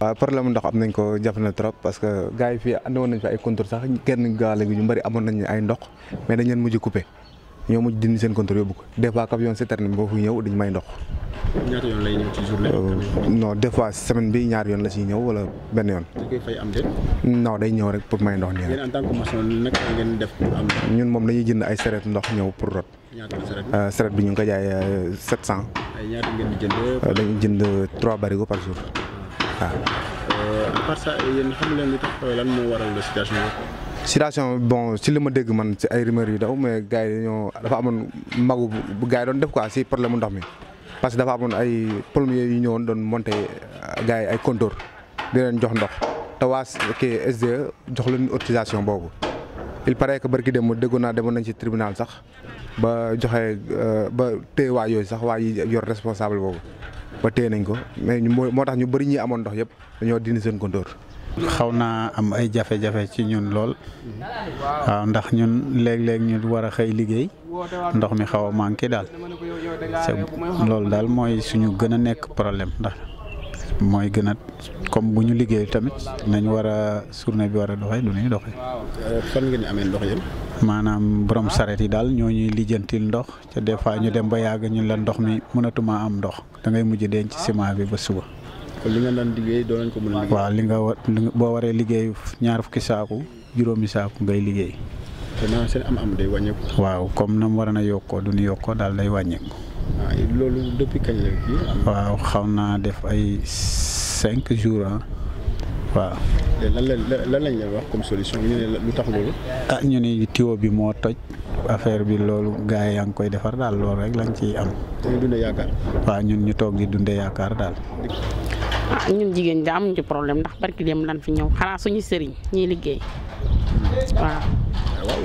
waaw problème ndox am nañ ko jàpp na trop parce que gars yi fii andi woon nañ fi ay contour sax kenn gaale gi ñu bëri amoon nañ ay ndox mais dañ leen mujj coupé ñoo mujj dindi seen contour yóbbu ko des fois camion citerne boo fi ñëw dañ may ndox. ñaata yoon lay ñëw ci journée euh, non des fois semaine bi ñaar yoon la siy ñëw wala benn yoon. da koy fay am déet. non day ñëw rek pour may ndox nii rek. yéen en tant que maçon naka ngeen def am. ñun moom dañuy jënd ay seret ndox ñëw pour rot. ñaata seret euh, bi ñu ngi ko jaay 700. Euh, ay ñaata ngeen di jënd. jënd 3 barigo par jour. waaw. parce que yéen xam leen li tax lan moo waral la situation bi. situation bon si li ma dégg man si ay rumeurs yu daw mais gars yi dafa amoon magu bu gars yi doon def quoi si problème mu ndox mi. parce que dafa amoon ay plombiers yu ñëwoon doon monter euh, gars yi ay compteur di leen jox ndox te waa kii SDE jox leen autorisation boobu. il paraît que barki dem déggoon naa demoon nañ ci tribunal sax ba joxe euh, ba téye waa yooyu sax waa yi yor responsable boobu ba téye nañ ko mais moo tax ñu bëri ñi amoon ndox yëpp dañoo dindi seen compteur. xaw naa am ay jafe-jafe ci ñun lool waaw ndax ñun léeg-léeg ñu war a xëy liggéey ndox mi xaw a manqué daal loolu daal mooy suñu gën a nekk problème ndax. moy gëna comme buñu liggéey tamit nañ wara a journée bi wara doxay doxee du ñuy doxee. fan ngeen amé ndox yeen manam borom sareti dal ñoo ñuy lijjantil ndox ca des fois ñu dem ba yaag ñu la ndox mi mënatuma am ndox da ngay mujj ci ciment bi ba suba. kon li nga nan liggéey do nañ ko mëna a liggéey. waaw li nga bo waré liggéey ñaar fukki saaku juroomi saaku ngay liggéey. te seen am-am day wàññeeku. waaw comme nam warana yokko du ñu day wàññeeku. Ah, loolu depuis kañ la kii. waaw xaw def ay 5 jours ah waaw. lan lañ lan lañ leen wax comme solution ñu ne lu ah ñu ne tuyau bi moo toj affaire bi loolu gars yi yaa koy defar daal loolu rek lañ ciy am. dañuy dundee yaakaar. waaw ñun ñu toog di dundee yaakaar daal. ah ñun jigéen ñi de amuñu ci problème ndax barki dem lan fi ñëw xanaa suñu sëriñ ñuy liggéey waaw.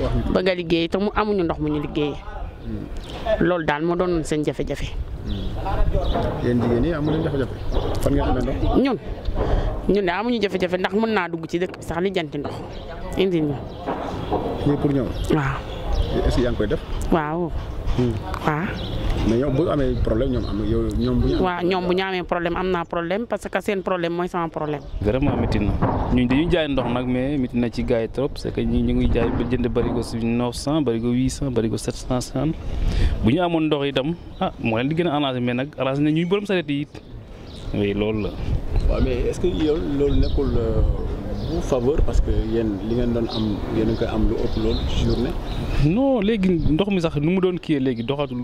Ah, bëgg liggéey te mu amuñu ndox mu ñu liggéey loolu daal moo doon seen jafe-jafe. yéen jigéen ñi amuñu jafe-jafe fan ngeen amee ndox. ñun ñun de amuñu jafe-jafe ndax mën naa dugg ci dëkk bi sax li janti ndox indi ñu. ñii pour ñoom. waaw. est yaa ngi koy def. waaw. waaw. Hmm. Ah. mais yow bu amee problème ñoom am yow ñoom bu ñu. amee problème am naa problème parce que seen problème mooy sama problème. vraiment métti na ñun dañuy jaay ndox nag mais métti na ci gars trop c'est que ñu ngi jaay ba jënd barigo si 900 barigo 800 barigo 750 bu ñu amoon ndox itam ah moo leen di gën a arrangé mais nag arrangé ñuy borom sareet yi it oui loolu la. waaw mais est-ce que yow loolu nekkul. Euh, vous faveur parce que yéen li ngeen doon am yéen a koy am lu ëpp loolu ci journée. non léegi ndox mi sax nu mu doon kii léegi doxatul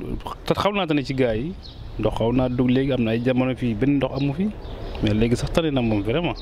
xaw naa tane ci gars yi ndox xaw naa dugg léegi am na ay jamono fii benn ndox amu fi mais léegi sax tane na moom vraiment.